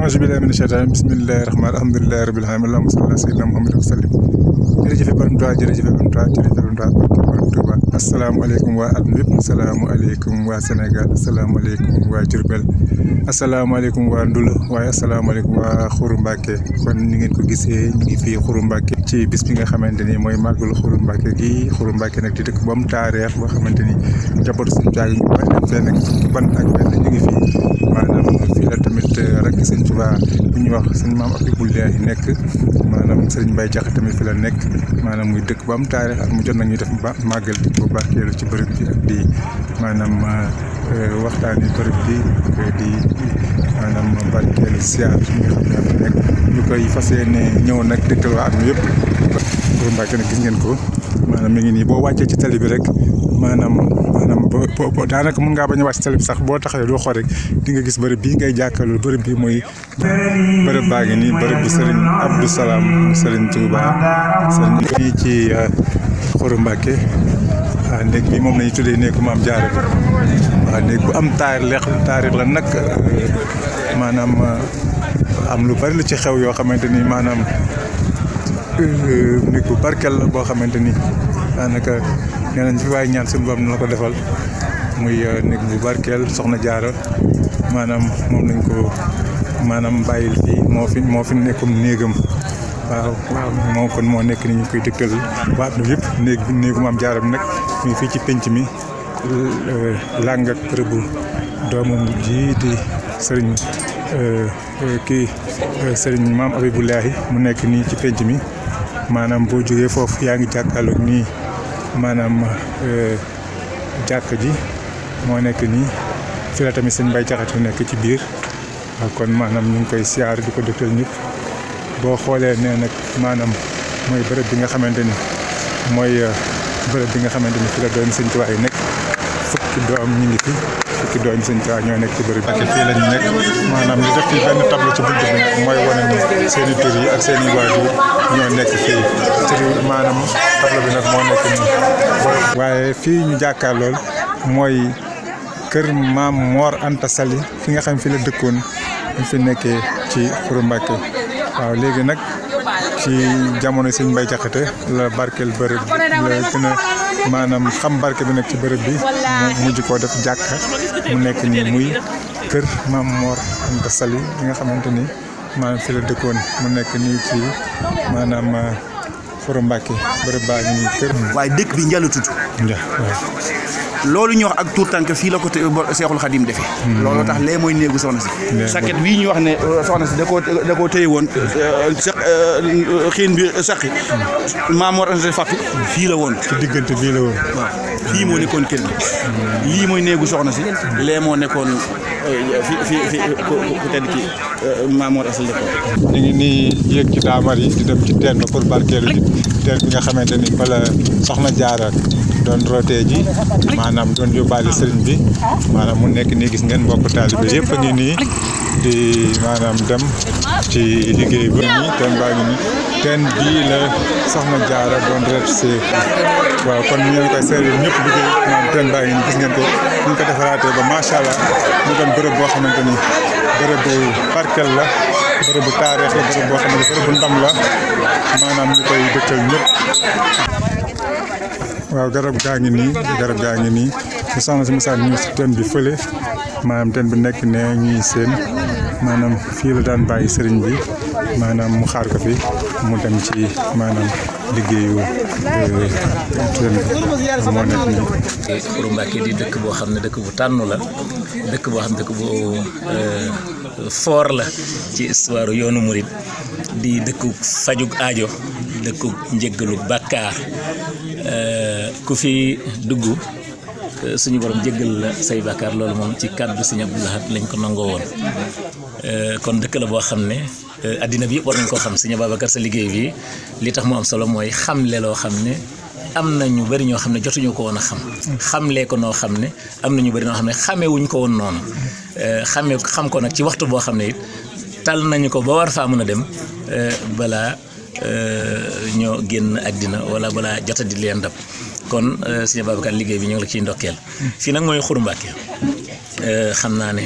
ange billahi mina sheytaan bismillahi rahmaan alhamdulillahi rabbil alamin allahumma salli ala sayyidina muhammad wa sallim jërëjëfe borom Tuubaa jërëjëfe borom Tuubaa jërëjëfe borom Tuubaa waa àdduna bépp waa Sénégal asalaamaaleykum waaye asalaamaaleykum waa Xuru Mbàkke ni ngeen ko gisee ñu ngi ci bis bi nga xamante ni mooy màggalu Xuru Mbàkke gi Xuru Mbàkke nag di dëkk bu am taareex boo xamante ni njabootu suñu jaay ñu bari fee nekk fukki ngi fii Touba bu ñuy wax sëñ maam Abibulaay nekk maanaam sëriñ Mbay Jaxate tamit fi la nekk maanaam muy dëkk bu am taarix ak mu jot nag ñu def màggal di ko barkeelu ci bërëb bi ak di maanaam euh, waxtaani bërëb bi di maanaam barkeelu siyaar bi nga xam ne am nekk ñu koy fas yéene ñëw nag dëkkal waa at mi yëpp Mbàkke nag gis ngeen ko maanaam mi ngi nii boo wàccee ci tali bi rek maanaam maanaam boo boo daanaka mën ngaa bañ a wàcc tali bi sax boo taxawee doo xool rek di nga gis bërëb bii ngay jàkkaarloo bërëb bii mooy bërëb baa ngi nii bërëb bu Serigne Abdou Salam bu Serigne Touba Serigne fii ci Xuru uh, Mbàkke waaw néeg bi moom lañu tuddee néegu maam jaare waaw néeg bu am taarix taarix la nag uh, maanaam uh, am lu bari la ci xew yoo xamante ni maanaam nit euh, ku barkeel la boo xamante ni daanaka nee nañ fi waaye ñaan suñu borom na la ko defal muy euh, néeg bu barkeel soxna jaaro maanaam moom lañ ko maanaam bàyyil fii moo fi moo nekkum néegam waaw waaw kon moo nekk ni ñu koy dëgtal waat na yëpp néeg bi néegu maam bi nag ñu fii ci pénc mi euh, làng ak rëbb doomam ji di sëriñ kii sëriñ maam Abibulaahi mu nekk nii ci pénc mi manam bo joge foofu yaangi jakkalo eh, ah, ni manam euh jakk ji mo nek ni fi la tamit seigne bay jaxatu nek ci bir kon manam ñu koy siar di dekkal dëkkal bo xolé ne nak manam moy bërëb bi nga xamanteni moy mooy bi nga xamanteni fi la doon seigne Tuubaa yi fukki doom ñu ngi fi fukki doomi sëñ ñoo nekk ci bëri bi fii la maanaam li def fii benn ci buntu mooy wane ni seen yi ak seen i waajur nekk fii tur maanaam tableau moo nekk nii waaye fii ñu jàkkaar lool mooy kër maam Mor Anta Sali fi nga xam fi la dëkkoon ñu fi nekkee ci Xuru Mbàkke waaw léegi nag ci jamono sëñ Mbay Jaxate la barkeel bërëb la gën a maanaam xam barke bi nekk ci bërëb bi mu mujj koo def jàkka mu nekk nii muy kër maam Mor Anta Sali bi nga xamante ni maanaam fi la dëkkoon mu nekk nii ci maanaam uh, Foro Mbacke bërëb baa ngi nii kër. waaye dëkk bi Ndiallo tudd. lolu ñu wax ak tour tànk fi la ko cheikhul khadim defé lolu tax lé moy négu soxna ci saket wi ñu wax ne soxna ci da koo da koo téye woon sa xiin bi saxi mamour ante fakki fi la won ci digënté bii la won fi mo né kon kër li moy négu néegu soxna si lee moo nekkoon fi fi fi ko tan ki mamour asal def ni ngi ni yéeg ci daamar yi di dem ci tenn ba pour barkeelu ji teen bi nga xamante ni fa la soxna jaara doon roté ji manam maanaam doon yóbbaale sëriñ bi manam mu nekk ni gis ngeen mbokk talib yëpp ngi ni di manam dem ci liggéey bu ni teen baa ngi nii teen bii la soxna jaara doon rek ci wa kon ñu ngi koy seetlu ñëpp bu ci manam baa ngi nii gis ngeen ko ñu ko defaraatee ba ma sha allah ñu doon bëre bo xamanteni bëre bu parkel la bëre bu taarix la bëre bo xamanteni bëre bu ndam la manam ñu koy dëkkal ñëpp waaw garab gaa ngi nii garab gaa ngi nii te soxna si Moussa ñu si teen bi fële maanaam teen bi nekk ne ñuy seen maanaam fii la daan bàyyi sëriñ bi manam mu xaar ko fi mu dem ci manam liggéeyu turam euh, bi nekk di dëkk boo xam ne dëkk bu tànn la dëkk boo xam ne bu euh, for la ci histoire yoonu murid di dëkku fajug aajo dëkku njëggalu bakar, euh, ku fi dugg suñu borom jéggal la say bàkkaar loolu moom ci kàddu Sëñ Abdou lañ ko nangoo woon kon dëkk la boo xam Euh, addina bi yëpp war nañ koo xam sëñ Babacar sa liggéey bi li tax mu am solo mooy xamle loo xam ne am na ñu bari ñoo xam ne jotuñu ko woon a xam. xamlee ko noo xam ne am na ñu bëri ñoo xam ne xamewuñ ko woon noonu. Euh, xame xam ko nag ci waxtu boo xam ne it tal nañu ko ba war faa mën a dem euh, balaa ñoo génn àddina wala balaa jota di leen dab kon sëñ Babacar liggéey bi ñu ngi la ciy ndokkeel. fii nag mooy Xuru xam naa ne.